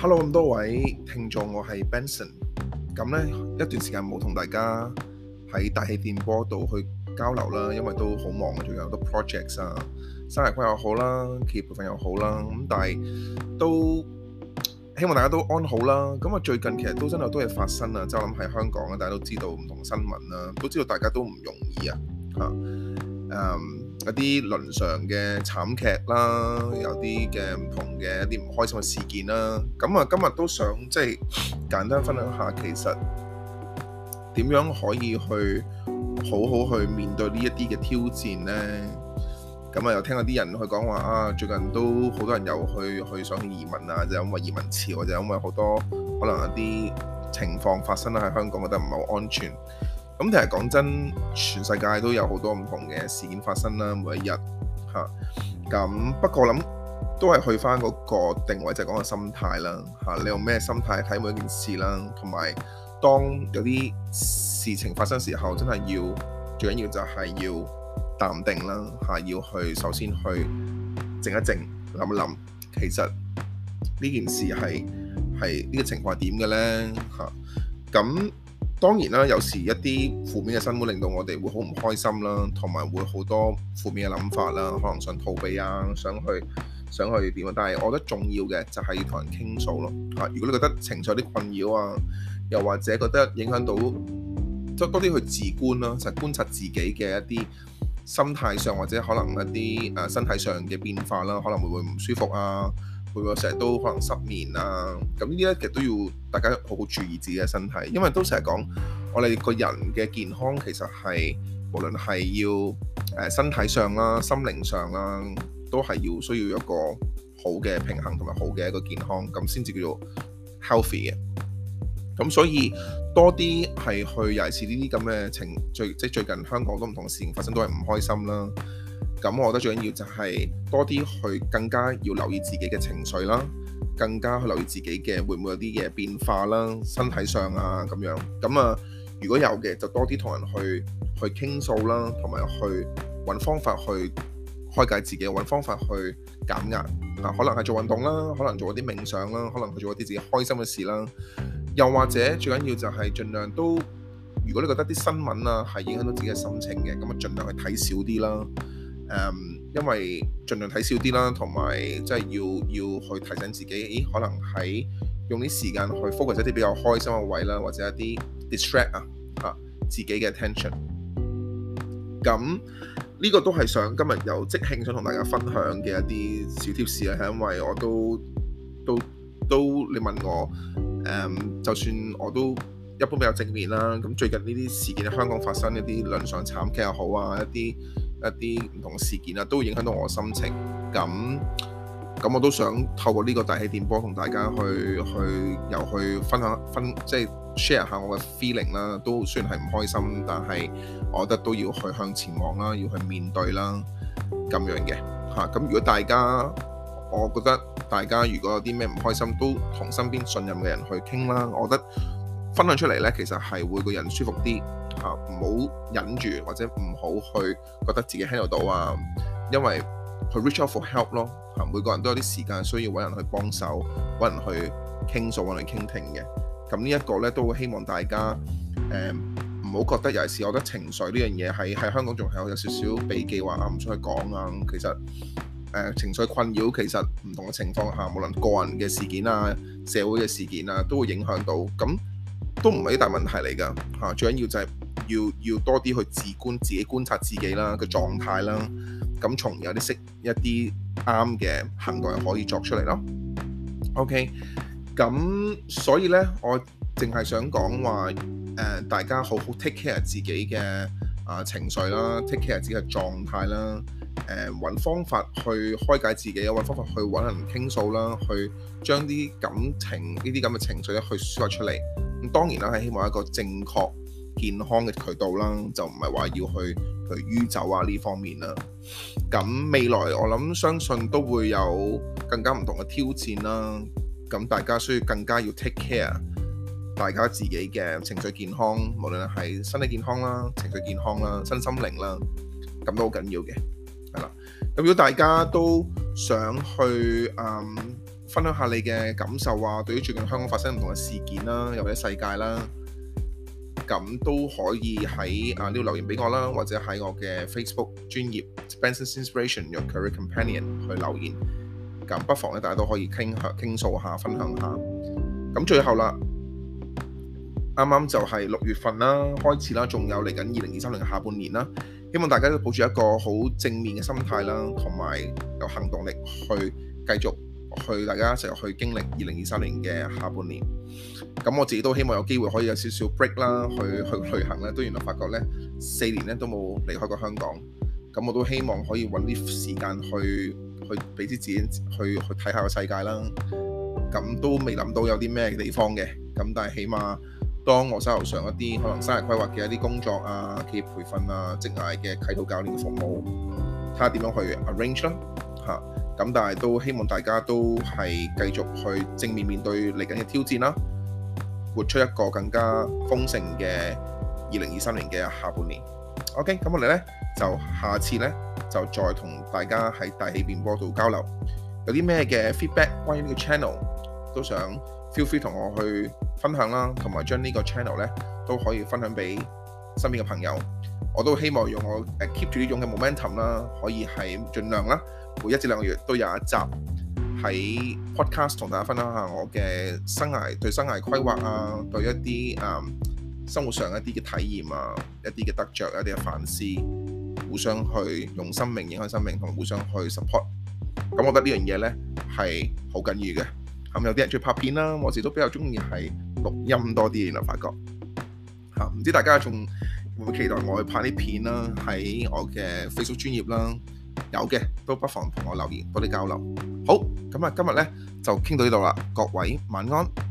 Hello 咁多位聽眾，我係 Benson。咁咧一段時間冇同大家喺大氣電波度去交流啦，因為都好忙，仲有好多 projects 啊，生涯規劃又好啦，企業培訓又好啦。咁但係都希望大家都安好啦。咁啊最近其實都真係有好多嘢發生啊，就諗、係、喺香港啊，大家都知道唔同新聞啦，都知道大家都唔容易啊。嚇，誒。一啲倫常嘅慘劇啦，有啲嘅唔同嘅一啲唔開心嘅事件啦，咁啊今日都想即係簡單分享下，其實點樣可以去好好去面對呢一啲嘅挑戰呢？咁啊又聽到有啲人去講話啊，最近都好多人又去去想去移民啊，就因為移民潮，或者因為好多可能一啲情況發生啦，喺香港覺得唔係好安全。咁其實講真，全世界都有好多唔同嘅事件發生啦，每一日嚇。咁不過諗都係去翻嗰個定位，就係講個心態啦嚇。你用咩心態睇每一件事啦？同埋當有啲事情發生的時候，真係要最緊要就係要淡定啦嚇。要去首先去靜一靜，諗一諗，其實呢件事係係呢個情況點嘅咧嚇。咁當然啦，有時一啲負面嘅生活令到我哋會好唔開心啦，同埋會好多負面嘅諗法啦，可能想逃避啊，想去想去點啊。但係我覺得重要嘅就係要同人傾訴咯。嚇，如果你覺得情緒有啲困擾啊，又或者覺得影響到，即係多啲去自觀啦，就觀察自己嘅一啲心態上或者可能一啲誒身體上嘅變化啦，可能會會唔舒服啊。佢個成日都可能失眠啊，咁呢啲咧其實都要大家好好注意自己嘅身體，因為都成日講我哋個人嘅健康其實係無論係要誒身體上啦、心靈上啦，都係要需要一個好嘅平衡同埋好嘅一個健康，咁先至叫做 healthy 嘅。咁所以多啲係去尤其是呢啲咁嘅情，最即係最近香港都唔同嘅事情發生都係唔開心啦。咁我覺得最緊要就係多啲去更加要留意自己嘅情緒啦，更加去留意自己嘅會唔會有啲嘢變化啦，身體上啊咁樣。咁啊如果有嘅，就多啲同人去去傾訴啦，同埋去揾方法去開解自己，揾方法去減壓。啊，可能係做運動啦，可能做一啲冥想啦，可能去做一啲自己開心嘅事啦。又或者最緊要就係盡量都，如果你覺得啲新聞啊係影響到自己嘅心情嘅，咁啊盡量去睇少啲啦。誒，um, 因為盡量睇少啲啦，同埋即係要要去提醒自己，咦？可能喺用啲時間去 focus 一啲比較開心嘅位啦，或者一啲 distraction 啊，自己嘅 attention。咁呢、這個都係想今日有即興想同大家分享嘅一啲小 tips 啊，係因為我都都都你問我，誒、um,，就算我都一般比較正面啦。咁最近呢啲事件喺香港發生一啲倫常慘劇又好啊，一啲。一啲唔同嘅事件啊，都會影響到我嘅心情。咁咁我都想透過呢個大氣電波同大家去去又去分享分，即係 share 下我嘅 feeling 啦。都雖然係唔開心，但係我覺得都要去向前望啦，要去面對啦。咁樣嘅吓。咁如果大家，我覺得大家如果有啲咩唔開心，都同身邊信任嘅人去傾啦。我覺得分享出嚟呢，其實係會個人舒服啲。啊，唔好忍住或者唔好去覺得自己 handle 到啊，因為去 reach out for help 咯、啊，啊，每個人都有啲時間需要揾人去幫手，揾人去傾訴，揾人傾聽嘅。咁呢一個呢，都希望大家誒唔好覺得，尤其是我覺得情緒呢樣嘢喺喺香港仲係有少少少避忌啊，唔出去講啊。其實誒、啊、情緒困擾其實唔同嘅情況下、啊，無論個人嘅事件啊、社會嘅事件啊，都會影響到，咁都唔係一大問題嚟㗎。嚇、啊，最緊要就係。要要多啲去自觀自己，觀察自己啦，個狀態啦，咁從有啲識一啲啱嘅行動可以作出嚟咯。OK，咁所以呢，我淨係想講話誒，大家好好 take care 自己嘅啊、呃、情緒啦，take care 自己嘅狀態啦，誒、呃，揾方法去開解自己，揾方法去揾人傾訴啦，去將啲感情呢啲咁嘅情緒去抒發出嚟。咁當然啦，係希望一個正確。健康嘅渠道啦，就唔係話要去去酗酒啊呢方面啦。咁未來我諗相信都會有更加唔同嘅挑戰啦。咁大家需要更加要 take care 大家自己嘅情緒健康，無論係身體健康啦、情緒健康啦、身心靈啦，咁都好緊要嘅，係啦。咁如果大家都想去嗯分享下你嘅感受啊，對於最近香港發生唔同嘅事件啦，又或者世界啦。咁都可以喺啊呢度留言俾我啦，或者喺我嘅 Facebook 專頁 Spencer Inspiration Your Career Companion 去留言。咁不妨咧，大家都可以傾下傾傾訴下，分享下。咁最後啦，啱啱就係六月份啦，開始啦，仲有嚟緊二零二三年嘅下半年啦。希望大家都抱住一個好正面嘅心態啦，同埋有，有行動力去繼續。去大家一齊去經歷二零二三年嘅下半年，咁我自己都希望有機會可以有少少 break 啦，去去旅行咧，都原來發覺咧四年咧都冇離開過香港，咁我都希望可以搵啲時間去去俾啲自己去去睇下個世界啦，咁都未諗到有啲咩地方嘅，咁但係起碼當我手頭上一啲可能生涯規劃嘅一啲工作啊、企業培訓啊、職涯嘅啟導教練嘅服務，睇下點樣去 arrange 啦嚇。咁，但係都希望大家都係繼續去正面面對嚟緊嘅挑戰啦，活出一個更加豐盛嘅二零二三年嘅下半年。OK，咁我哋咧就下次咧就再同大家喺大氣電波度交流，有啲咩嘅 feedback 關於呢個 channel 都想 feel free 同我去分享啦，同埋將呢個 channel 咧都可以分享俾身邊嘅朋友。我都希望用我誒 keep 住呢種嘅 momentum 啦，可以係盡量啦。每一至兩個月都有一集喺 Podcast 同大家分享下我嘅生涯，對生涯規劃啊，對一啲誒、嗯、生活上一啲嘅體驗啊，一啲嘅得着，一啲嘅反思，互相去用生命影響生命，同互相去 support。咁我覺得呢樣嘢咧係好緊要嘅。咁有啲人最拍片啦，我時都比較鍾意係錄音多啲。原來我發覺吓，唔知大家仲會唔會期待我去拍啲片啦？喺我嘅 Facebook 專頁啦。有嘅，都不妨同我留言多啲交流。好，咁啊，今日呢就傾到呢度啦，各位晚安。